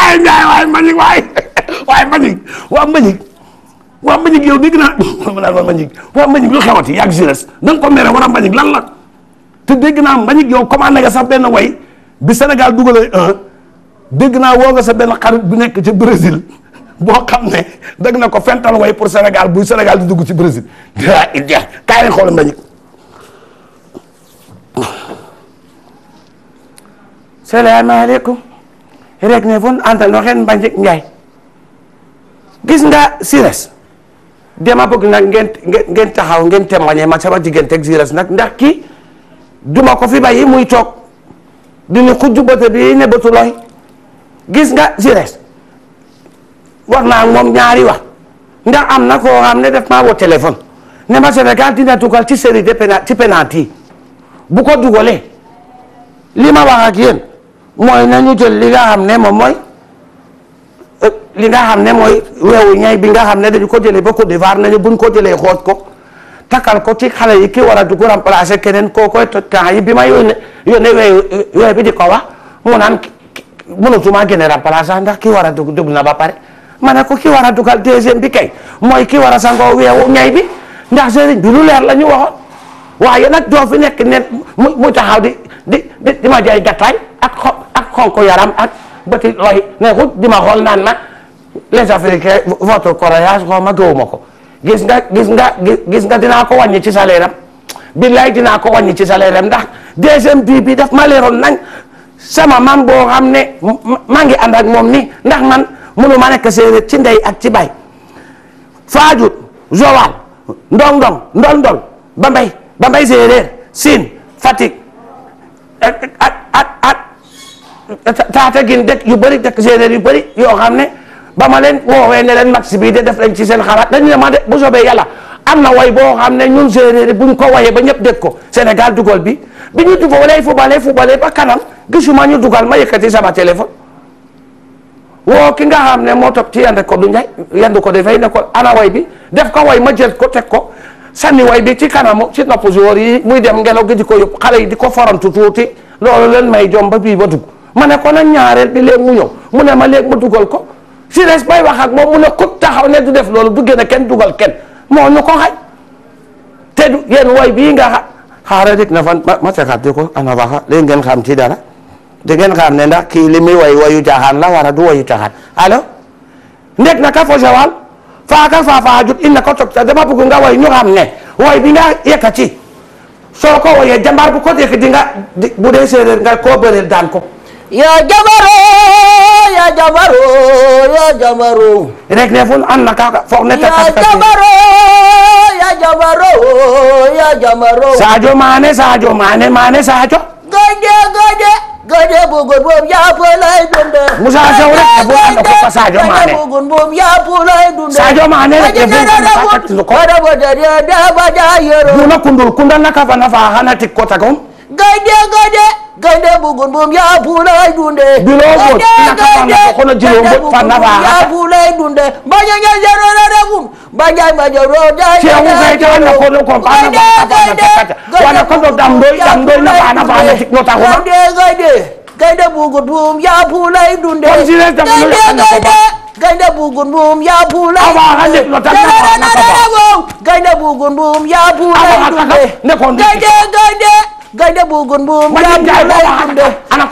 waaye Ndiaye waaye Mbagnick waaye waaye Mbagnick waaw Mbagnick waaw Mbagnick yow dégg naa ma xewati yàgg jeunesse na nga ko mere war a Mbagnick lan la te dégg naa Mbagnick yow commandé nga benn way bi Sénégal dugalee un dégg naa woo nga benn xarit bu nekk ca Brésil boo xam ne dégg na ko fental way pour senegal buy senegal di dugg ci Brésil ah il jeex kaay lañ xool Mbagnick regna fon antal noxen mbanjik njaay gis nga Sires dama bëgg nag ngeen ngeen taxaw ngeen témoigner ma sama diggante ak Sires nag ndax ki duma ko fi bàyyi muy toog di ñu xujju bëte ne bëtu looy gis nga Sires wax naa moom ñaari wax ndax am na koo xam ne def maa woo téléphone ne ma Sénégal dina dugal ci série de pénalty ci bu ko dugalee li ma wax mooy nañu jël li nga xam ne moom mooy li nga xam ne mooy weewu ñay bi nga xam ne dañu ko jëlee ba Côte d'Ivoire nañu buñ ko jëlee xooj ko takkal ko ki xale yi ki war a dugg remplacer keneen koo koy to temps yi bi ma yónnee yónnee weewu weew bi di ko wax mu naan mënatuma génne remplacer ndax ki war a dugg dugg na ba pare ma ne ko ki war a dugal deuxième bi kay mooy ki war a sangoo weewu ñay bi ndax sëriñ bi lu leer la ñu waxoon waaye nag doo fi nekk ne mu taxaw di di di ma jaay gattaay ak xob ak xonk yaram ak bëti looy neexut di ma xool naan ma les africains votre coréage xaw ma gëwuma ko gis nga gis nga gis nga dinaa ko wàññi ci salaire am billaay dinaa ko wàññi ci salaire am ndax deuxième bi bi daf ma leeroon nañ sama man boo xam ne maa ngi ànd ak moom ni ndax man mënu ma nekk séeréer ci ndey ak ci bay Faajut Joal ndong ndong ndol ndol Bambey Bambey séeréer Siin Fatick ak ak ak Tataguine dëkk yu bëri de séeréer yu bëri yoo xam ne ba ma leen woowee ne leen match bii de def lañ ci seen xalaat dañ ne ma de bu soobee yàlla am na way boo xam ne ñun séeréer buñ ko wayee ba ñëpp dégg ko Sénégal dugal bi bi ñu dugalee fubale fubale ba kanam gisuma ñu dugal ma yëkkati sama téléphone woo ki nga xam ne moo toog ci yande ko du njaay yand ko dafay ne ko ana way bi def ko way ma jël ko teg ko sànni way bi ci kanamu ci nopp joueur yi muy dem ngelaw gi di ko yóbbu xale yi di ko forantu tuuti loolu leen may jom ba ma ne ko nag ñaareel bi mu ñëw mu ne ma léegi ma dugal ko si des bay wax ak moom mu ne ku taxaw ne du def loolu du génne kenn dugal kenn moo ñu ko xaj te du yéen woy bii nga xa xaaral rek na fan ma ma seqaate ko ana waxa léegi ngeen xam ci dara da ngeen xam ne ndax kii li muy woy woyu caaxaan la wara du woyu caaxaan allo nek na ka fo jawal faaka faafaa jut inna ko toog dama bëgg nga woy ñu xam ne woy bi nga yëkkati soo ko woyee jambar bu ko yëkkati nga bu dee séeréer nga koo bëreel daan ko. yaa jabaroo yaa jabaroo yaa jabaroo rek reful an na kaka foog ne takkat yaa jabaroo yaa jabaroo yaa jabaroo Sadio Mané Sadio Mané Mané Sadio goje goje goje bugun bum yaa pulay dunde Moussa Sow rek reful an na kaka Sadio Mané bugun bum yaa pulay dunde Sadio Mané rek reful an na kaka tilo ko wada boda dia da baja yoro buna kundul kundal na kafa na fa hana tikko tagom gaynde gaynde gaynde bugun bum yaa pulay dunde bilobot nakafana kono jilobot fanaba yaa pulay dunde mbanya nya jaro na ragun mbanya mbanya ro da che wu gaynde na kono ko bana ba ta wana kono damdo damdo na bana bana tikno ta ko gaynde gaynde gaynde bugun bum yaa pulay dunde kon jile damdo na ko ba gaynde bugun bum yaa pulay awa hande no ta na ko ba gaynde bugun bum yaa pulay dunde gaynde gaynde gaynde bu gun bu mu dam lay dunde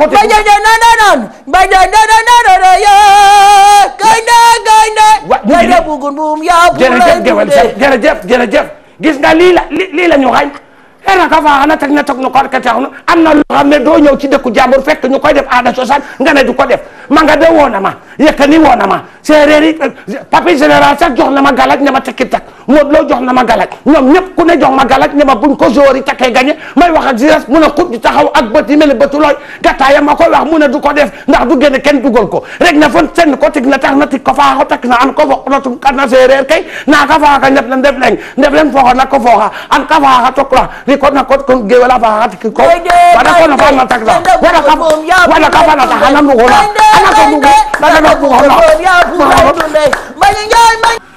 gaynde na na na gaynde na na na na ya gaynde gaynde gaynde bu gun bu mu ya bu lay dunde jërëjëf jërëjëf gis nga lii la lii la ñu xañ era ka faaxana teg na toog na ko ka taxna am na loo xam ne doo ñëw ci dëkku jàmbur fekk ñu koy def aada cosaan nga ne du ko def ma nga de woona ma yëkkani woona ma séeréer yi papi général sax jox na ma galaj ne ma tekki tak Modou Lo jox na ma galaj ñoom ñëpp ku ne jox ma galaj ne ma buñ ko joori takkee gañe may wax ak Ziras mun a xut di taxaw ak bët yi mel ni bëtu looy gàttaaya ma koy wax mu ne du ko def ndax du génne kenn dugal ko rek na fan senn ko tig na tax na tig ko faaxo tak na an ko foq na tun kana séeréer kay naa ka faaxa ndef len ndef leng ndef len fooxa na ko fooxa an ka faaxa tokra ri ko na ko géwéla faaxa tik ko wada ko na fa na tak na wada ka wada na taxa